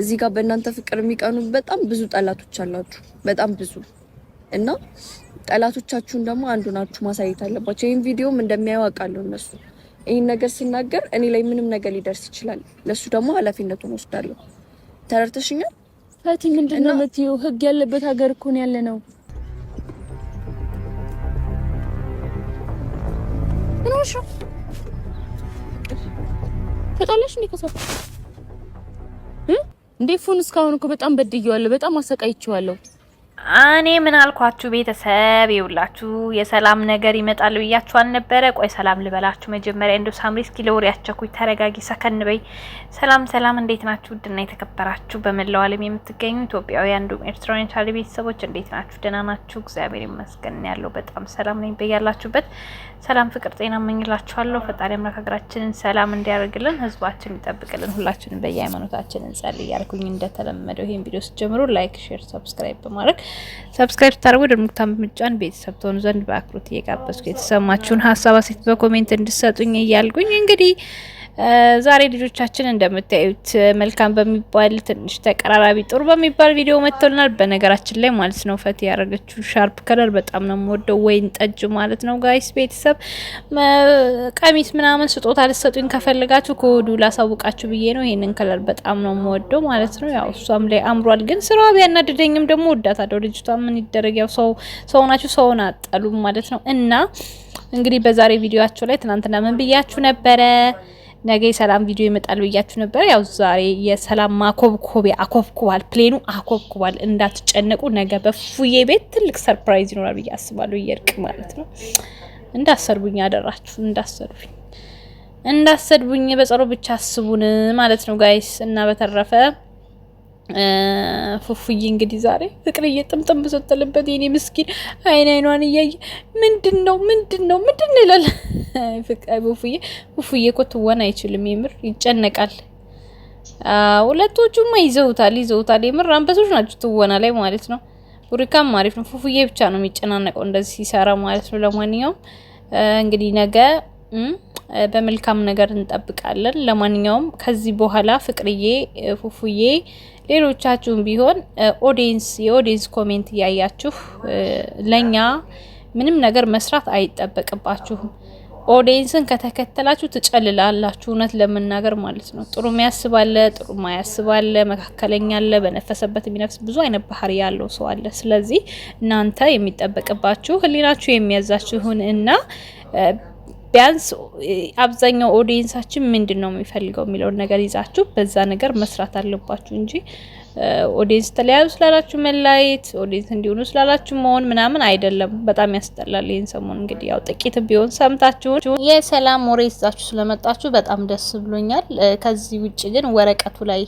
እዚህ ጋር በእናንተ ፍቅር የሚቀኑ በጣም ብዙ ጠላቶች አላችሁ፣ በጣም ብዙ እና ጠላቶቻችሁን ደግሞ አንዱ ናችሁ ማሳየት አለባቸው። ይህን ቪዲዮም እንደሚያዩ እነሱ ይህን ነገር ስናገር እኔ ላይ ምንም ነገር ሊደርስ ይችላል። ለእሱ ደግሞ ኃላፊነቱን ወስዳለሁ። ተረድተሽኛል? ፈቲ ምንድን ነው የምትይው? ህግ ያለበት ሀገር እኮ ነው ያለ ነው። ተጣላሽ እንዴ? እንዴ ፉን እስካሁን እኮ በጣም በድየዋለሁ፣ በጣም አሰቃይቼዋለሁ። እኔ ምን አልኳችሁ ቤተሰብ ይውላችሁ የሰላም ነገር ይመጣል ብያችሁ አልነበረ? ቆይ ሰላም ልበላችሁ መጀመሪያ። እንደው ሳምሪ እስኪ ለወሬ ያቸኩኝ፣ ተረጋጊ፣ ሰከን በይ። ሰላም ሰላም፣ እንዴት ናችሁ? ውድና የተከበራችሁ በመላው ዓለም የምትገኙ ኢትዮጵያውያን እንዲሁም ኤርትራውያን ቻለ ቤተሰቦች እንዴት ናችሁ? ደህና ናችሁ? እግዚአብሔር ይመስገን ያለው በጣም ሰላም ነኝ። በያላችሁበት ሰላም፣ ፍቅር፣ ጤና እመኝላችኋለሁ። ፈጣሪ አምላክ ሀገራችንን ሰላም እንዲያደርግልን፣ ህዝባችን ይጠብቅልን። ሁላችንም በየሃይማኖታችን እንጸልይ ያልኩኝ እንደተለመደው ይህን ቪዲዮ ስጀምሩ ላይክ፣ ሼር፣ ሰብስክራይብ በማድረግ ሰብስክራይብ ስታደርጉ ድምቅታን በምጫን ቤተሰብ ትሆኑ ዘንድ በአክብሮት እየጋበዝኩ የተሰማችሁን ሀሳብ በኮሜንት እንድሰጡኝ እያልኩኝ እንግዲህ ዛሬ ልጆቻችን እንደምታዩት መልካም በሚባል ትንሽ ተቀራራቢ ጥሩ በሚባል ቪዲዮ መጥቶልናል። በነገራችን ላይ ማለት ነው ፈት ያደረገችው ሻርፕ ከለር በጣም ነው የምወደው፣ ወይን ጠጅ ማለት ነው ጋይስ። ቤተሰብ ቀሚስ ምናምን ስጦታ ልሰጡኝ ከፈልጋችሁ ከወዱ ላሳውቃችሁ ብዬ ነው። ይሄንን ከለር በጣም ነው የምወደው ማለት ነው። ያው እሷም ላይ አምሯል፣ ግን ስራዋ ቢያናድደኝም ደግሞ ወዳታለሁ። ልጅቷ ምን ይደረግ ያው ሰው ሰው ናችሁ፣ ሰውን አጠሉ ማለት ነው እና እንግዲህ በዛሬ ቪዲዮአቸው ላይ ትናንትና ምን ብያችሁ ነበረ? ነገ የሰላም ቪዲዮ ይመጣል ብያችሁ ነበር። ያው ዛሬ የሰላም ማኮብኮቢያ አኮብኩባል፣ ፕሌኑ አኮብኩባል። እንዳትጨነቁ፣ ነገ በፉዬ ቤት ትልቅ ሰርፕራይዝ ይኖራል ብዬ አስባለሁ። እየርቅ ማለት ነው። እንዳሰድቡኝ አደራችሁ፣ እንዳሰድቡኝ እንዳሰድቡኝ በጸሮ ብቻ አስቡን ማለት ነው ጋይስ እና በተረፈ ፉፉዬ እንግዲህ ዛሬ ፍቅርዬ ጥምጥም ብሰጠልበት የኔ ምስኪን አይን አይኗን እያየ ምንድን ነው ምንድን ነው ምንድን ነው ይላል። ፉፉዬ ፉፉዬ እኮ ትወን አይችልም፣ የምር ይጨነቃል። ሁለቶቹማ ይዘውታል ይዘውታል። የምር አንበሶች ናቸው ትወና ላይ ማለት ነው። ቡሪካም አሪፍ ነው። ፉፉዬ ብቻ ነው የሚጨናነቀው እንደዚህ ሲሰራ ማለት ነው። ለማንኛውም እንግዲህ ነገ በመልካም ነገር እንጠብቃለን። ለማንኛውም ከዚህ በኋላ ፍቅርዬ፣ ፉፉዬ፣ ሌሎቻችሁም ቢሆን ኦዲንስ የኦዲንስ ኮሜንት እያያችሁ ለኛ ምንም ነገር መስራት አይጠበቅባችሁም። ኦዲንስን ከተከተላችሁ ትጨልላላችሁ። እውነት ለመናገር ማለት ነው። ጥሩ የሚያስብ አለ፣ ጥሩ ማያስብ አለ፣ መካከለኛ አለ፣ በነፈሰበት የሚነፍስ ብዙ አይነት ባህሪ ያለው ሰው አለ። ስለዚህ እናንተ የሚጠበቅባችሁ ህሊናችሁ የሚያዛችሁን እና ቢያንስ አብዛኛው ኦዲየንሳችን ምንድን ነው የሚፈልገው የሚለውን ነገር ይዛችሁ በዛ ነገር መስራት አለባችሁ እንጂ ኦዲየንስ ተለያዩ ስላላችሁ መላየት፣ ኦዲየንስ እንዲሆኑ ስላላችሁ መሆን ምናምን አይደለም። በጣም ያስጠላል። ይህን ሰሞን እንግዲህ ያው ጥቂት ቢሆን ሰምታችሁን የሰላም ወሬ ይዛችሁ ስለመጣችሁ በጣም ደስ ብሎኛል። ከዚህ ውጭ ግን ወረቀቱ ላይ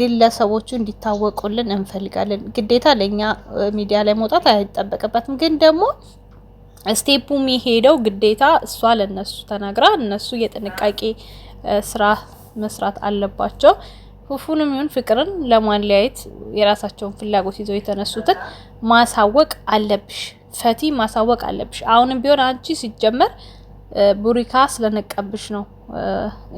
ግለሰቦቹ እንዲታወቁልን እንፈልጋለን። ግዴታ ለእኛ ሚዲያ ላይ መውጣት አይጠበቅበትም ግን ደግሞ ስቴፑ የሚሄደው ግዴታ እሷ ለነሱ ተናግራ እነሱ የጥንቃቄ ስራ መስራት አለባቸው። ፉፉንም ይሁን ፍቅርን ለማለያየት የራሳቸውን ፍላጎት ይዘው የተነሱትን ማሳወቅ አለብሽ፣ ፈቲ ማሳወቅ አለብሽ። አሁንም ቢሆን አንቺ ሲጀመር ቡሪካ ስለነቀብሽ ነው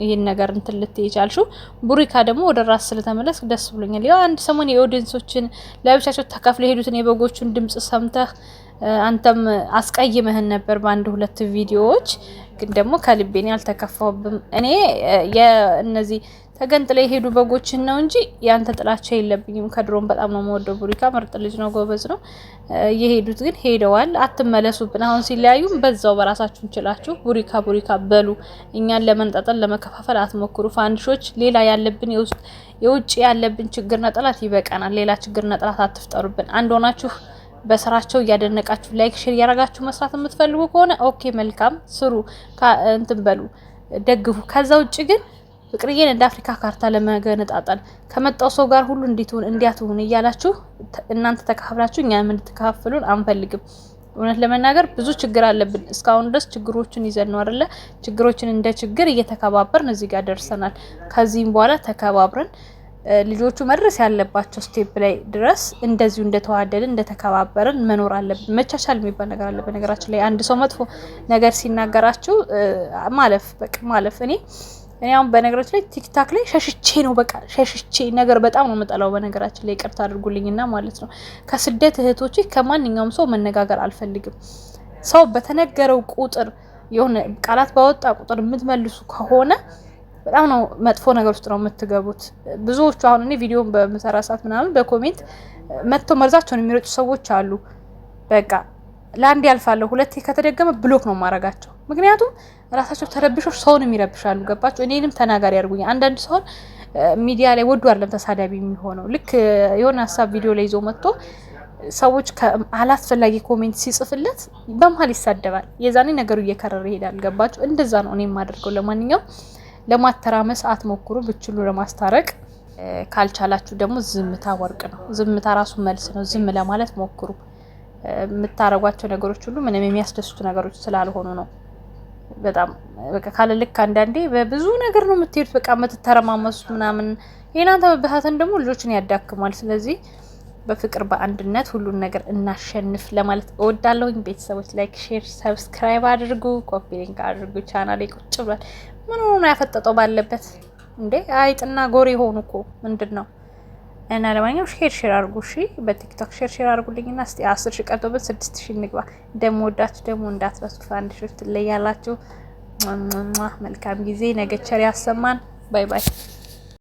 ይህን ነገር እንትን ልትይ ቻልሽው። ቡሪካ ደግሞ ወደ ራስ ስለተመለስ ደስ ብሎኛል። ያው አንድ ሰሞን የኦዲንሶችን ለብቻቸው ተካፍለ የሄዱትን የበጎቹን ድምጽ ሰምተህ አንተም አስቀይመህን ነበር በአንድ ሁለት ቪዲዮዎች። ግን ደግሞ ከልቤኔ አልተከፋሁብም። እኔ እነዚህ ተገንጥለ የሄዱ በጎችን ነው እንጂ ያንተ ጥላቻ የለብኝም። ከድሮም በጣም ነው መወደው። ቡሪካ ምርጥ ልጅ ነው፣ ጎበዝ ነው። የሄዱት ግን ሄደዋል፣ አትመለሱብን። አሁን ሲለያዩም በዛው በራሳችሁ እንችላችሁ ቡሪካ ቡሪካ በሉ። እኛን ለመንጠጠል ለመከፋፈል አትሞክሩ። ፋንዲሾች፣ ሌላ ያለብን የውጭ ያለብን ችግርና ነጠላት ይበቃናል። ሌላ ችግርና ነጠላት አትፍጠሩብን። አንድ ሆናችሁ በስራቸው እያደነቃችሁ ላይክ፣ ሼር እያደረጋችሁ መስራት የምትፈልጉ ከሆነ ኦኬ መልካም ስሩ፣ እንትን በሉ ደግፉ። ከዛ ውጭ ግን ፍቅርዬን እንደ አፍሪካ ካርታ ለመገነጣጠል ከመጣው ሰው ጋር ሁሉ እንዲትሆን እንዲያትሆን እያላችሁ እናንተ ተካፍላችሁ እኛ እንድትካፍሉን አንፈልግም። እውነት ለመናገር ብዙ ችግር አለብን። እስካሁን ድረስ ችግሮችን ይዘን ነው አይደለ? ችግሮችን እንደ ችግር እየተከባበርን እዚህ ጋር ደርሰናል። ከዚህም በኋላ ተከባብረን ልጆቹ መድረስ ያለባቸው ስቴፕ ላይ ድረስ እንደዚሁ እንደተዋደድን እንደተከባበርን መኖር አለብን። መቻቻል የሚባል ነገር አለ። በነገራችን ላይ አንድ ሰው መጥፎ ነገር ሲናገራችሁ ማለፍ በቃ ማለፍ። እኔ እኔ አሁን በነገራችን ላይ ቲክታክ ላይ ሸሽቼ ነው በቃ ሸሽቼ ነገር በጣም ነው የምጠላው። በነገራችን ላይ ይቅርታ አድርጉልኝና ማለት ነው ከስደት እህቶች ከማንኛውም ሰው መነጋገር አልፈልግም። ሰው በተነገረው ቁጥር የሆነ ቃላት ባወጣ ቁጥር የምትመልሱ ከሆነ በጣም ነው መጥፎ ነገር ውስጥ ነው የምትገቡት። ብዙዎቹ አሁን እኔ ቪዲዮን በምሰራ ሰዓት ምናምን በኮሜንት መጥቶ መርዛቸውን የሚረጩ ሰዎች አሉ። በቃ ለአንድ ያልፋለሁ፣ ሁለቴ ከተደገመ ብሎክ ነው ማረጋቸው። ምክንያቱም ራሳቸው ተረብሾች ሰውንም ይረብሻሉ። ገባቸው። እኔንም ተናጋሪ ያደርጉኛል። አንዳንድ ሰውን ሚዲያ ላይ ወዱ አለም ተሳዳቢ የሚሆነው ልክ የሆነ ሀሳብ ቪዲዮ ላይ ይዞ መጥቶ ሰዎች አላስፈላጊ ኮሜንት ሲጽፍለት በመሀል ይሳደባል። የዛኔ ነገሩ እየከረረ ይሄዳል። ገባችሁ? እንደዛ ነው እኔ የማደርገው። ለማንኛውም ለማተራመስ አትሞክሩ፣ ብችሉ ለማስታረቅ ካልቻላችሁ ደግሞ ዝምታ ወርቅ ነው። ዝምታ ራሱ መልስ ነው። ዝም ለማለት ሞክሩ። የምታረጓቸው ነገሮች ሁሉ ምንም የሚያስደስቱ ነገሮች ስላልሆኑ ነው። በጣም በቃ ካለ ልክ አንዳንዴ በብዙ ነገር ነው የምትሄዱት፣ በቃ የምትተረማመሱት ምናምን። የእናንተ መበታተን ደግሞ ልጆችን ያዳክማል። ስለዚህ በፍቅር በአንድነት ሁሉን ነገር እናሸንፍ ለማለት እወዳለሁኝ። ቤተሰቦች ላይክ፣ ሼር፣ ሰብስክራይብ አድርጉ፣ ኮፒ ሊንክ አድርጉ። ቻናል ቁጭ ብሏል። ምን ሆኖ ያፈጠጠው ባለበት እንዴ? አይጥና ጎሪ ሆኑ እኮ ምንድን ነው? እና ለማንኛውም ሼር ሼር አድርጉ እሺ። በቲክቶክ ሼር ሼር አድርጉልኝና እስቲ ሺ ቀርቶበት ስድስት ሺ እንግባ። ደግሞ ወዳችሁ ደግሞ እንዳትረሱት አንድ ሺህ ትለያላችሁ። መልካም ጊዜ ነገ ቸር ያሰማን። ባይ ባይ።